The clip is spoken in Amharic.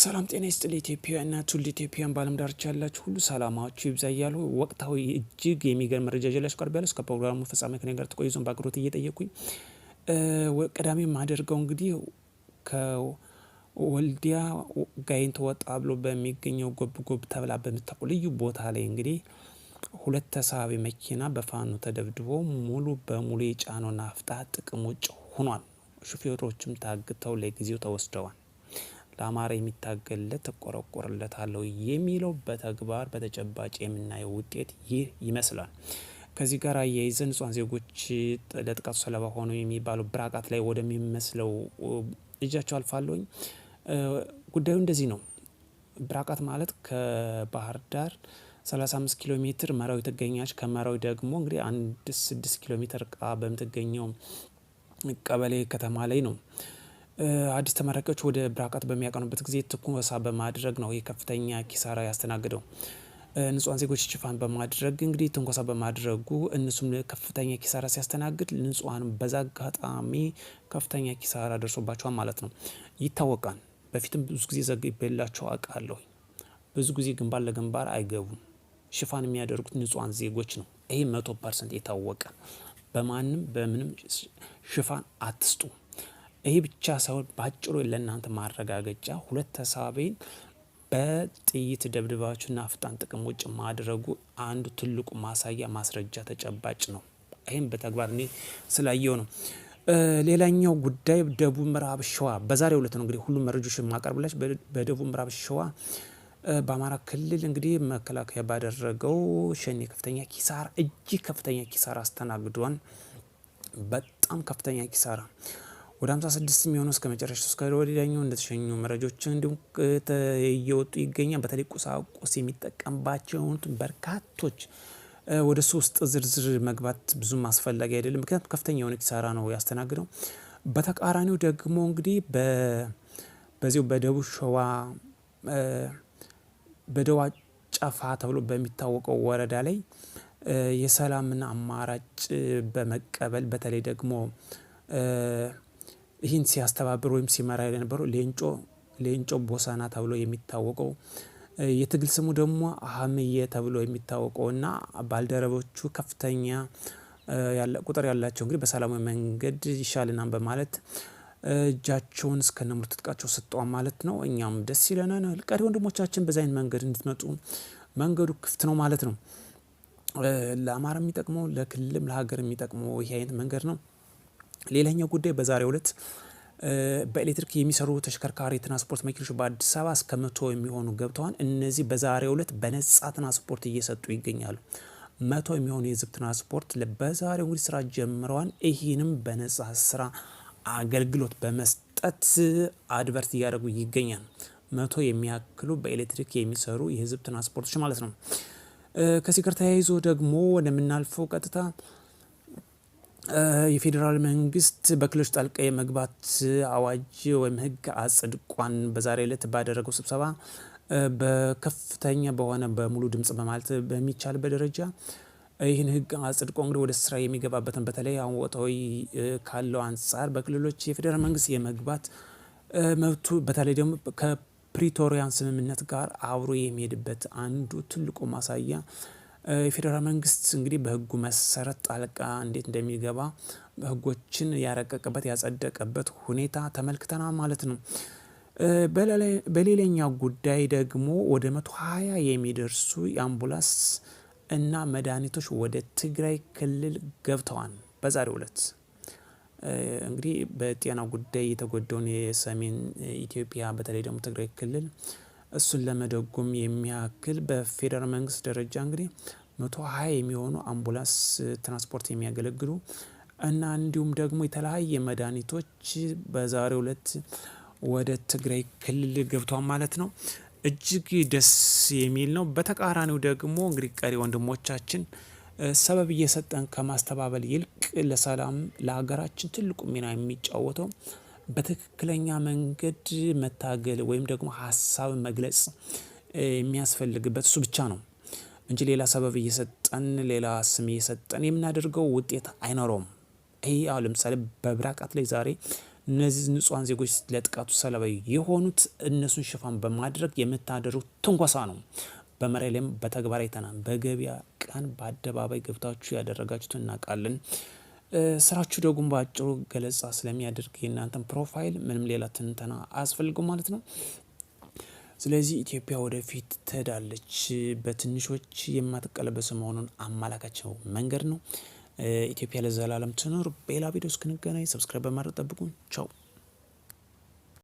ሰላም ጤና ይስጥል ኢትዮጵያውያንና ትውልደ ኢትዮጵያን በዓለም ዳርቻ ያላችሁ ሁሉ ሰላማችሁ ይብዛ እያሉ ወቅታዊ እጅግ የሚገርም መረጃ ይዤላችሁ ቀርቤያለሁ። እስከ ፕሮግራሙ ፍጻሜ ከኔ ጋር ተቆይዞን በአክብሮት እየጠየቅኩኝ ቀዳሚ የማደርገው እንግዲህ ከወልዲያ ጋይንት ወጣ ብሎ በሚገኘው ጎብ ተብላ በምታውቁ ልዩ ቦታ ላይ እንግዲህ ሁለት ተሳቢ መኪና በፋኖ ተደብድቦ ሙሉ በሙሉ የጫነው ናፍጣ ጥቅም ውጭ ሆኗል። ሹፌሮችም ታግተው ለጊዜው ተወስደዋል። ለአማራ የሚታገልለት ተቆረቆርለታለሁ የሚለው በተግባር በተጨባጭ የምናየው ውጤት ይህ ይመስላል። ከዚህ ጋር አያይዘን ንጹሐን ዜጎች ለጥቃቱ ሰለባ ሆኑ የሚባለው ብራቃት ላይ ወደሚመስለው እጃቸው አልፋለሁኝ። ጉዳዩ እንደዚህ ነው። ብራቃት ማለት ከባህር ዳር 35 ኪሎ ሜትር መራዊ ትገኛች። ከመራዊ ደግሞ እንግዲህ አንድ 6 ኪሎ ሜትር ቃ በምትገኘው ቀበሌ ከተማ ላይ ነው። አዲስ ተመራቂዎች ወደ ብራቃት በሚያቀኑበት ጊዜ ትንኮሳ በማድረግ ነው የከፍተኛ ኪሳራ ያስተናግደው። ንጹሐን ዜጎች ሽፋን በማድረግ እንግዲህ ትንኮሳ በማድረጉ እነሱም ከፍተኛ ኪሳራ ሲያስተናግድ፣ ንጹሐን በዛ አጋጣሚ ከፍተኛ ኪሳራ ደርሶባቸዋል ማለት ነው። ይታወቃል። በፊትም ብዙ ጊዜ ዘግቤላቸው አውቃለሁ። ብዙ ጊዜ ግንባር ለግንባር አይገቡም። ሽፋን የሚያደርጉት ንጹሐን ዜጎች ነው። ይህ መቶ ፐርሰንት የታወቀ በማንም በምንም ሽፋን አትስጡ። ይሄ ብቻ ሳይሆን በአጭሩ ለእናንተ ማረጋገጫ ሁለት ተሳቤን በጥይት ደብድባችሁና ፍጣን ጥቅም ውጭ ማድረጉ አንዱ ትልቁ ማሳያ ማስረጃ ተጨባጭ ነው። ይህም በተግባር እኔ ስላየው ነው። ሌላኛው ጉዳይ ደቡብ ምዕራብ ሸዋ በዛሬው ዕለት ነው እንግዲህ ሁሉም መረጃዎች የማቀርብላችሁ በደቡብ ምዕራብ ሸዋ በአማራ ክልል እንግዲህ መከላከያ ባደረገው ሸኔ ከፍተኛ ኪሳራ እጅግ ከፍተኛ ኪሳራ አስተናግዷን። በጣም ከፍተኛ ኪሳራ ወደ 56 የሚሆኑ እስከ መጨረሻ እስከ ወዲያኛው እንደተሸኙ መረጃዎችን እንዲሁም እየወጡ ይገኛል። በተለይ ቁሳቁስ የሚጠቀምባቸውን በርካቶች ወደ ሶስት ዝርዝር መግባት ብዙም አስፈላጊ አይደለም፣ ምክንያቱም ከፍተኛ የሆነ ኪሳራ ነው ያስተናግደው። በተቃራኒው ደግሞ እንግዲህ በዚው በደቡብ ሸዋ በደዋ ጨፋ ተብሎ በሚታወቀው ወረዳ ላይ የሰላምና አማራጭ በመቀበል በተለይ ደግሞ ይህን ሲያስተባብር ወይም ሲመራ የነበረው ሌንጮ ሌንጮ ቦሳና ተብሎ የሚታወቀው የትግል ስሙ ደግሞ አህምዬ ተብሎ የሚታወቀው እና ባልደረቦቹ ከፍተኛ ቁጥር ያላቸው እንግዲህ በሰላማዊ መንገድ ይሻልናም በማለት እጃቸውን እስከ እስከነሙሉ ትጥቃቸው ሰጠዋ ማለት ነው። እኛም ደስ ይለናል። ቀሪ ወንድሞቻችን በዛ አይነት መንገድ እንድትመጡ መንገዱ ክፍት ነው ማለት ነው። ለአማራ የሚጠቅመው ለክልልም ለሀገር የሚጠቅመው ይህ አይነት መንገድ ነው። ሌላኛው ጉዳይ በዛሬው ዕለት በኤሌክትሪክ የሚሰሩ ተሽከርካሪ ትራንስፖርት መኪኖች በአዲስ አበባ እስከ መቶ የሚሆኑ ገብተዋል። እነዚህ በዛሬው ዕለት በነጻ ትራንስፖርት እየሰጡ ይገኛሉ። መቶ የሚሆኑ የህዝብ ትራንስፖርት በዛሬው እንግዲህ ስራ ጀምረዋል። ይህንም በነጻ ስራ አገልግሎት በመስጠት አድቨርት እያደረጉ ይገኛል። መቶ የሚያክሉ በኤሌክትሪክ የሚሰሩ የህዝብ ትራንስፖርቶች ማለት ነው። ከዚህ ጋር ተያይዞ ደግሞ ወደምናልፈው ቀጥታ የፌዴራል መንግስት በክልሎች ጣልቃ የመግባት አዋጅ ወይም ህግ አጽድቋን በዛሬ ዕለት ባደረገው ስብሰባ በከፍተኛ በሆነ በሙሉ ድምጽ በማለት በሚቻልበት ደረጃ ይህን ህግ አጽድቆ እንግዲህ ወደ ስራ የሚገባበትን በተለይ አወንታዊ ካለው አንጻር በክልሎች የፌዴራል መንግስት የመግባት መብቱ በተለይ ደግሞ ከፕሪቶሪያን ስምምነት ጋር አብሮ የሚሄድበት አንዱ ትልቁ ማሳያ የፌዴራል መንግስት እንግዲህ በህጉ መሰረት ጣልቃ እንዴት እንደሚገባ ህጎችን ያረቀቀበት ያጸደቀበት ሁኔታ ተመልክተናል ማለት ነው። በሌላኛው ጉዳይ ደግሞ ወደ መቶ ሀያ የሚደርሱ የአምቡላንስ እና መድኃኒቶች ወደ ትግራይ ክልል ገብተዋል። በዛሬው ዕለት እንግዲህ በጤና ጉዳይ የተጎዳውን የሰሜን ኢትዮጵያ በተለይ ደግሞ ትግራይ ክልል እሱን ለመደጎም የሚያክል በፌዴራል መንግስት ደረጃ እንግዲህ መቶ ሀያ የሚሆኑ አምቡላንስ ትራንስፖርት የሚያገለግሉ እና እንዲሁም ደግሞ የተለያየ መድኃኒቶች በዛሬው ዕለት ወደ ትግራይ ክልል ገብቷል ማለት ነው። እጅግ ደስ የሚል ነው። በተቃራኒው ደግሞ እንግዲህ ቀሪ ወንድሞቻችን ሰበብ እየሰጠን ከማስተባበል ይልቅ ለሰላም ለሀገራችን ትልቁ ሚና የሚጫወተው በትክክለኛ መንገድ መታገል ወይም ደግሞ ሀሳብ መግለጽ የሚያስፈልግበት እሱ ብቻ ነው እንጂ ሌላ ሰበብ እየሰጠን ሌላ ስም እየሰጠን የምናደርገው ውጤት አይኖረውም። ይህ አሁ ለምሳሌ በብራቃት ላይ ዛሬ እነዚህ ንጹሐን ዜጎች ለጥቃቱ ሰለባ የሆኑት እነሱን ሽፋን በማድረግ የምታደርጉት ትንኮሳ ነው። በመሪያ ላይም በተግባር አይተናል። በገበያ ቀን በአደባባይ ገብታችሁ ያደረጋችሁ እናውቃለን። ስራችሁ ደግሞ በአጭሩ ገለጻ ስለሚያደርግ የእናንተን ፕሮፋይል ምንም ሌላ ትንተና አያስፈልግም ማለት ነው። ስለዚህ ኢትዮጵያ ወደፊት ትሄዳለች፣ በትንሾች የማትቀለበስ መሆኑን አመላካቸው መንገድ ነው። ኢትዮጵያ ለዘላለም ትኑር። በሌላ ቪዲዮ እስክንገናኝ ሰብስክራይብ በማድረግ ጠብቁን። ቻው